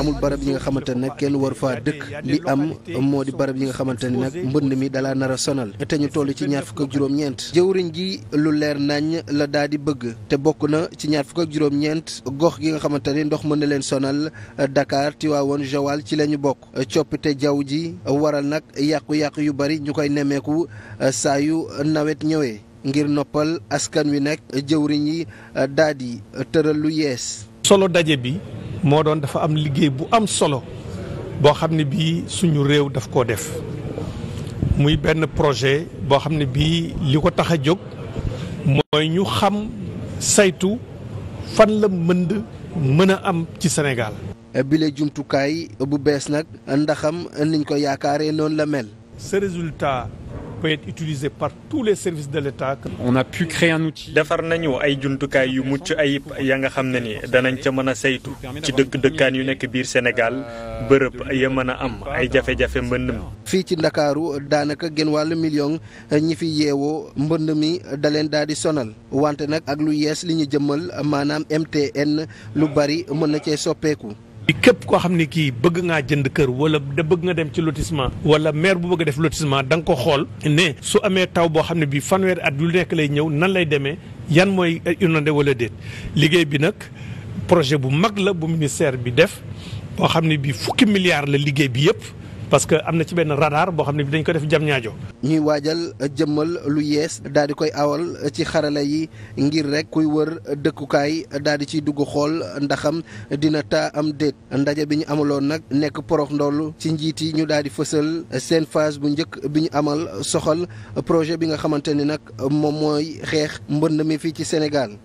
amul barab yi nga xamante ne nag kenn war faa dëkk li am moo di barab yi nga xamante ne nag mbënd mi dalaa nar sonal te ñu toll ci ñaar fukk ak juróom-ñeent jëwriñ ji lu leer nañ la daa di bëgg te bokk na ci ñaar fukk ak juróom gox gi nga xamante ne ndox mën na leen sonal Dakar Tiwaawoon Joal ci la ñu bokk coppite jaww ji waral nag yàqu-yàqu yu bari ñu koy nemmeeku eh, saa yu nawet ñëwee ngir noppal askan wi nag jëwriñ yi eh, daal di eh, tëral lu yees. solo daje bi. moo doon dafa am liggéey bu am solo boo xam ne bii suñu réew daf koo def muy benn projet boo xam ne bii li ko tax a jóg mooy ñu xam saytu fan la mënd mën a am ci Sénégal. bile jumtukaay bu bees nag ndaxam niñ ko yaakaaree noonu la mel. ce résultat peut être utilisé par tous les services de l'État. on a pu créer defar nañu ay jumtukaay yu mucc ayib ya nga xam ne ni danañ ca mën a saytu ci dëkk dëkkaan yu nekk biir Sénégal bërëb ya mën a am ay jafe-jafe mbënd mi. fii ci Ndakaaru daanaka genn wàll million ñi fi yeewoo mbënd mi da leen daal di sonal wante nag ak lu yees li ñu jëmmal maanaam MTN lu bari mën na cee soppeeku. képp koo xam ne kii bëgg ngaa jënd kër wala da bëgg nga dem ci lotissement wala maire bu bëgg a def lotissement da nga ko xool ne su amee taw boo xam ne bii fanweeri at yu nekk lay ñëw nan lay demee yan mooy inondé wala déet liggéey bi nag projet bu mag la bu ministère bi def boo xam ne bii fukki milliards la liggéey bi yëpp parce que am na ci benn radar boo xam ne bi dañ ko def jam ñaajo ñuy waajal jëmmal lu yees daal di koy awal ci xarala yi ngir rek kuy wër dëkkukaay daal di ciy dugg xool ndaxam dina taa am déet ndaje bi ñu amaloon nag nekk porox ndoll ci njiit yi ñu daal di fësal seen phase bu njëkk bi ñu amal soxal projet bi nga xamante ni nag moom mooy xeex mbënd mi fii ci Sénégal